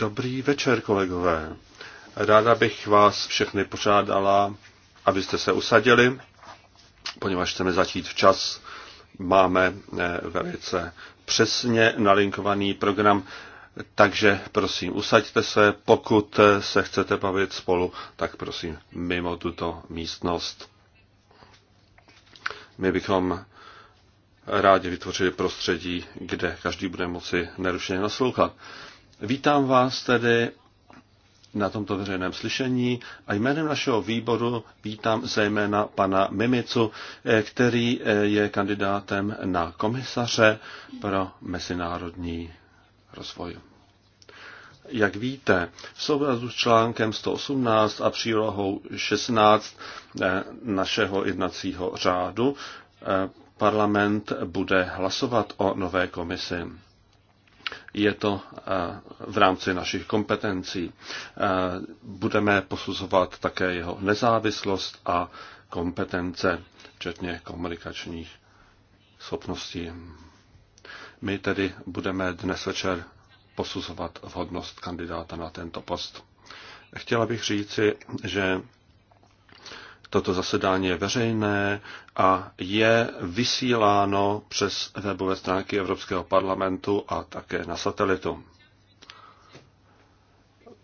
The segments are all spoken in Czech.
Dobrý večer, kolegové. Ráda bych vás všechny požádala, abyste se usadili, poněvadž chceme začít včas. Máme eh, velice přesně nalinkovaný program, takže prosím, usaďte se. Pokud eh, se chcete bavit spolu, tak prosím, mimo tuto místnost. My bychom rádi vytvořili prostředí, kde každý bude moci nerušeně naslouchat. Vítám vás tedy na tomto veřejném slyšení a jménem našeho výboru vítám zejména pana Mimicu, eh, který eh, je kandidátem na komisaře pro mezinárodní rozvoj. Jak víte, v souladu s článkem 118 a přílohou 16 eh, našeho jednacího řádu parlament bude hlasovat o nové komisi. Je to eh, v rámci našich kompetencí. Eh, budeme posuzovat také jeho nezávislost a kompetence, včetně komunikačních schopností. My tedy budeme dnes večer posuzovat vhodnost kandidáta na tento post. Chtěla bych říci, že Toto zasedání je veřejné a je vysíláno přes webové stránky Evropského parlamentu a také na satelitu.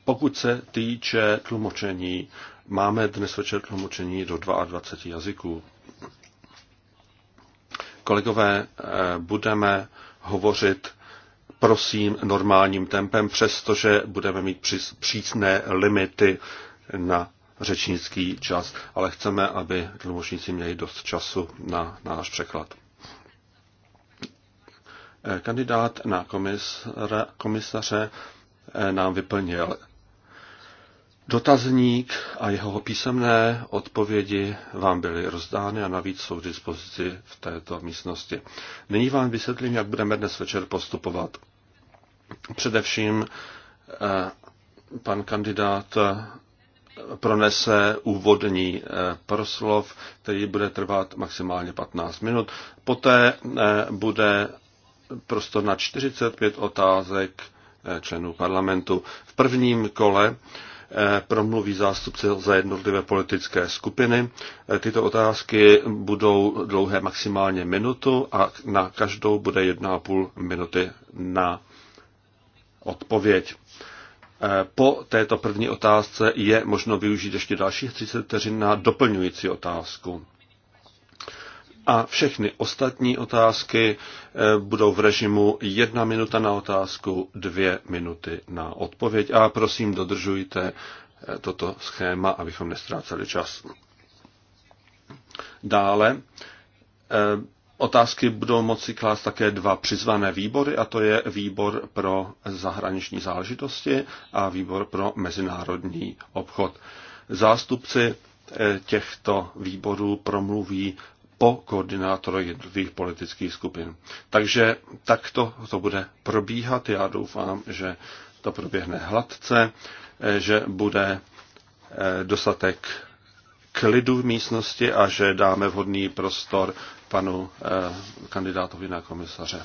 Pokud se týče tlumočení, máme dnes večer tlumočení do 22 jazyků. Kolegové, eh, budeme hovořit prosím normálním tempem, přestože budeme mít přísné limity na řečnický čas, ale chceme, aby tlumočníci měli dost času na náš překlad. Eh, kandidát na komisaře, komisaře eh, nám vyplnil dotazník a jeho písemné odpovědi vám byly rozdány a navíc jsou k dispozici v této místnosti. Nyní vám vysvětlím, jak budeme dnes večer postupovat. Především eh, pan kandidát pronese úvodní eh, proslov, který bude trvat maximálně 15 minut. Poté eh, bude prostor na 45 otázek eh, členů parlamentu. V prvním kole promluví zástupce za jednotlivé politické skupiny. Tyto otázky budou dlouhé maximálně minutu a na každou bude 1,5 minuty na odpověď. Eh, po této první otázce je možno využít ještě dalších 30 vteřin na doplňující otázku. A všechny ostatní otázky eh, budou v režimu jedna minuta na otázku, dvě minuty na odpověď. A prosím, dodržujte eh, toto schéma, abychom nestráceli čas. Dále Otázky budou moci klást také dva přizvané výbory, a to je výbor pro zahraniční záležitosti a výbor pro mezinárodní obchod. Zástupci eh, těchto výborů promluví po koordinátoru jednotlivých politických skupin. Takže takto to bude probíhat. Já doufám, že to proběhne hladce, eh, že bude eh, dostatek klidu v místnosti a že dáme vhodný prostor panu eh, kandidátovi na komisaře.